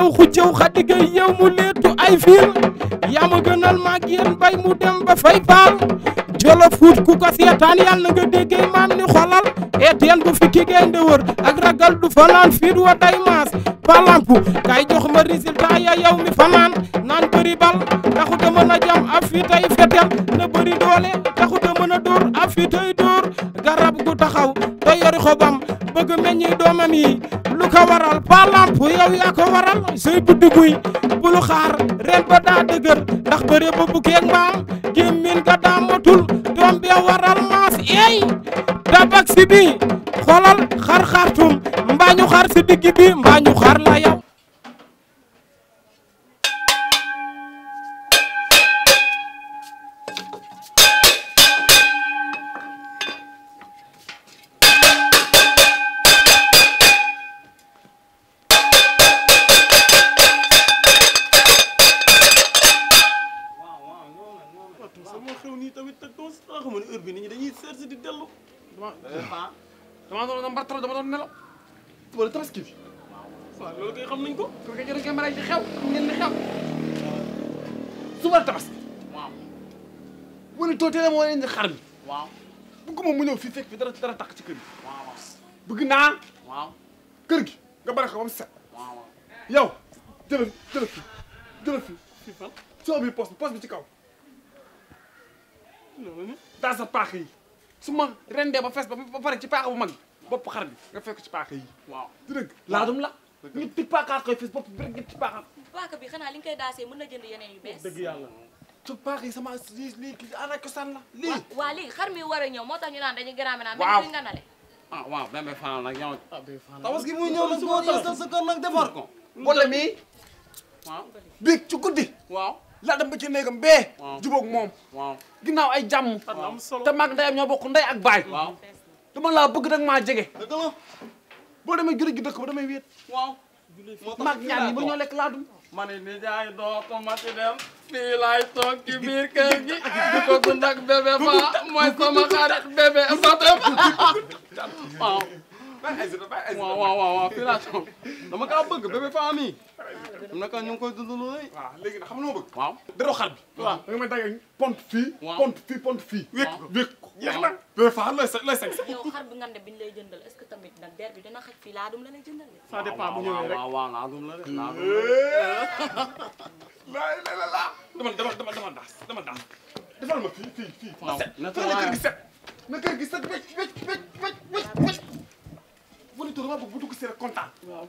yow xuccaw xadi gay yow mu leetu ay fiil yaa ma gënal maag yéen bay mu dem ba fay faal jolof fuut ku ko seetaan yàlla na nga déggee maam ni xolal eteen bu fi ki gay ndëwër ak ragal du fanaan fiit wa day maas palampu kay jox ma résultat ya yow mi fanaan naan bëri bal taxuta mën a jam ab fi tay fetel na bëri doole taxuta mën a dóor ab fi tay dóor te yori xobam bëgg meññi doomam yi lu ko waral pa lamp yow yaa ko waral say buddi guy bu lu xaar ren ba daa dëgër ndax bëre ba bukkeeg mbaam gémmin ga daa motul doom waral maas eey tabax si bi xolal xar xartum mbaañu xar si digg bi mbaañu xar la yow dama doon dama trop dama doon nelaw wala tabaski bi waaw loolu kay xam nañ ko pour que jëlee caméra yi di xew xam ngeen di xew suba la tabaski waaw wala too teel a moo leen di xar mi waaw bëgguma mu ñëw fii fekk fi dara dara takk ci kër gi waaw bëgg naa waaw kër gi nga bare ko ba mu set waaw yow jëlal jëlal fi jëlal fi fi fan soo bi poste bi poste bi ci kaw dans sa paax yi su ma rendee ba fes ba ba pare ci paaka bu mag bopp xar bi nga fekk ci paaka yi waaw laadum la ñetti paakaat koy fes bopp bi rek ñetti paakaat paaka bi xanaa li nga koy daasee mën na jënd yeneen yu bees dëgg yàlla yi sama lii lii aada cosaan la lii waaw lii xar mi war a ñëw moo tax ñu naan dañuy garaame naan waaw nga nale ah waaw bembe fanal nag ñëw tawas gi muy ñëw sa sa kër nag defar ko wala mii waaw ci guddi la dem ba ci néegam bee. jubóog moom. ginnaaw ay jàmm. te maag ndeyam ñoo bokk ndey ak baay. dama laa bëgg nag maa jege. dëgg la boo demee jërë gi dëkk ba damay wéet. waaw maag ñaar ñi ma ne ni jaay dootuma ci dem. fii biir kër gi. di ko dund ak bébé fa mooy sama xarit bébé fa dem. waaw. waaw waaw waaw fii laa toog bëgg bébé fa naka ñu ngi koy iya. dund loolu eh? waaw léegi nag xam nga bëgg waaw dara xar bi waaw da nga may dagg pont fii pont fii pont fii wékk wékk yeex iya, na bé fa lay lay sax yow xar bi nga ne biñ lay jëndal est-ce que tamit nag der bi dina xaj fii laa dum la lay jëndal ça dépend bu ñëwee rek waaw waaw laa dum la rek laa hmm. dum la eh. la la la dama dama dama dama daas dama daas defal ma fii fii fii na kër gi set na kër gi set wécc wécc wécc wécc wécc bu dama bëgg bu dugg si rek kontaan waaw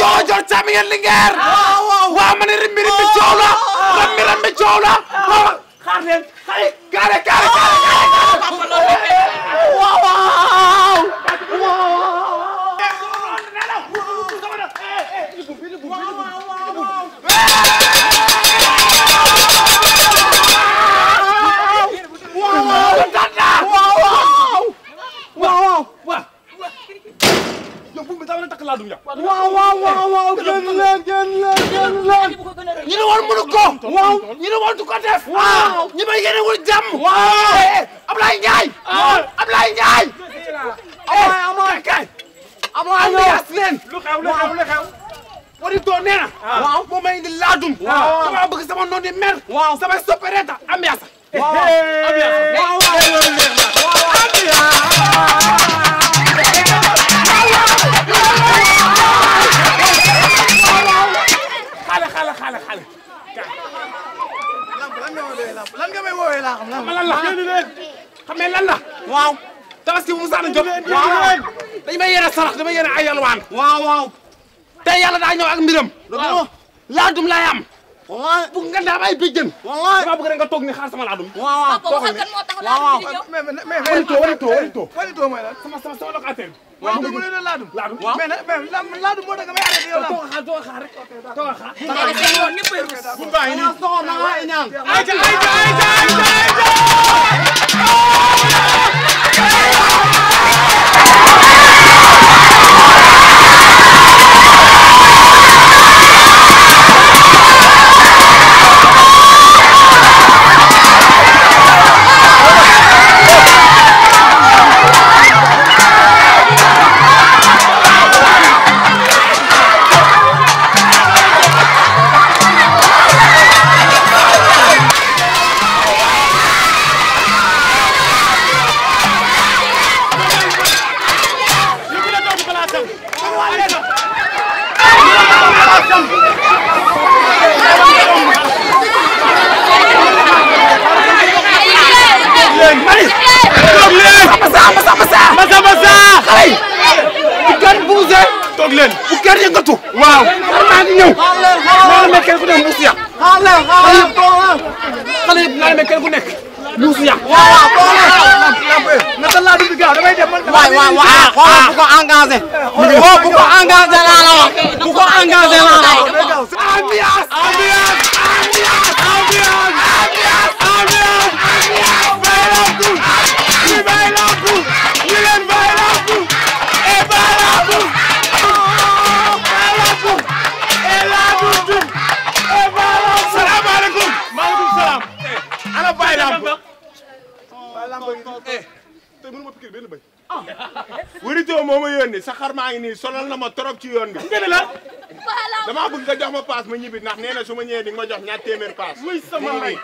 joxo jox càmm ngeen Linguère waaw waaw waaw ma ne rimbi rimbi coow du ko def. waaw ah, ñi may yéene wul jàmm. waaw eh, Ablaye Ndiaye. waaw ah. Ablaye Ndiaye. amoon eh, kay. amoon yaas leen. lu xew lu xew lu xew. wari doo nee na. Ah. waaw moo may indi laadum. waaw dama bëgg sama noon di mer. waaw sama soppereeta am yaasa. waaw am yaasa. yooyu laa xam lan la génn leen xam ne lan la waaw tabaski bu musaana jot waaw dañ may yéene sarax damay yéene ay yalwaan waaw waaw tey yàlla daa ñëw ak mbiram laadum laay am waaw bu nga daam ay béjjën. waaw damaa bëgg rek nga toog ni xaar sama laadum. waaw waaw kooku nag waaw waaw. mais mais mais mais. warito warito warito. warito mooy lan sama sama sama locataire. waaw dama leen a laadum. laadum mais nag mais laadum moo tax damay arrêté yow. tooga xaar tooga xaar rek tooga xaar. bu baax yi nii bu baax yi nii. Wah, wah, wah, wah, buka angka sih. Oh, buka angka sih lah, buka angka sih lah. Ambias, ambias, ambias. yónni sa xar maa ngi nii na ma trop ci yoon bi. ngeen la. damaa bëgg nga jox ma paas ma ñibbi ndax nee na su ma ñëwee di nga ma jox ñaar téeméer paas. muy sama lay.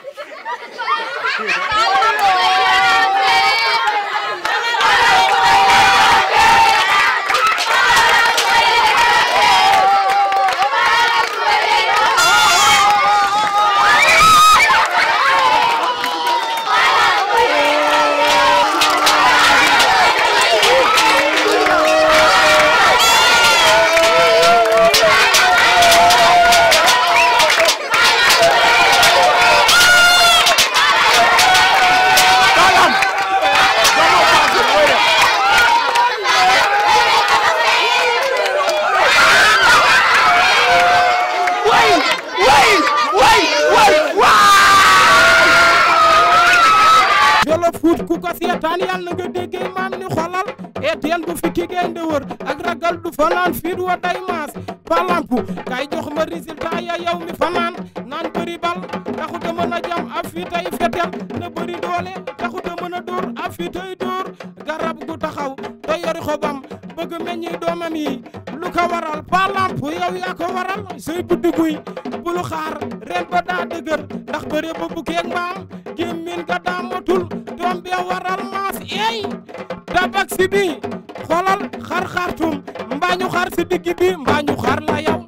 ko seetaan yàlla nga déggee maam ni xolal eeteel du fi ki gaynde wër ak ragal du fanaan fiit wa day maas palampu kay jox ma résultat ya yow mi fanaan naan bëri bal a mën a jam a fi tey fetel na bëri doole a mën a dóor a fi tey dóor garab gu taxaw te yori xobam bëgg meññi doomam yi lu ko waral Pa Lamp yow yaa ko waral say buddi guy bulu xaar ren ba daa dëgër ndax bëre ba bukkeeg mbaam gémmin ga daa motul doom bi waral maas eey dabak si bi xoolal xar xartum mbaañu xar si digg bi mbaañu xar la yow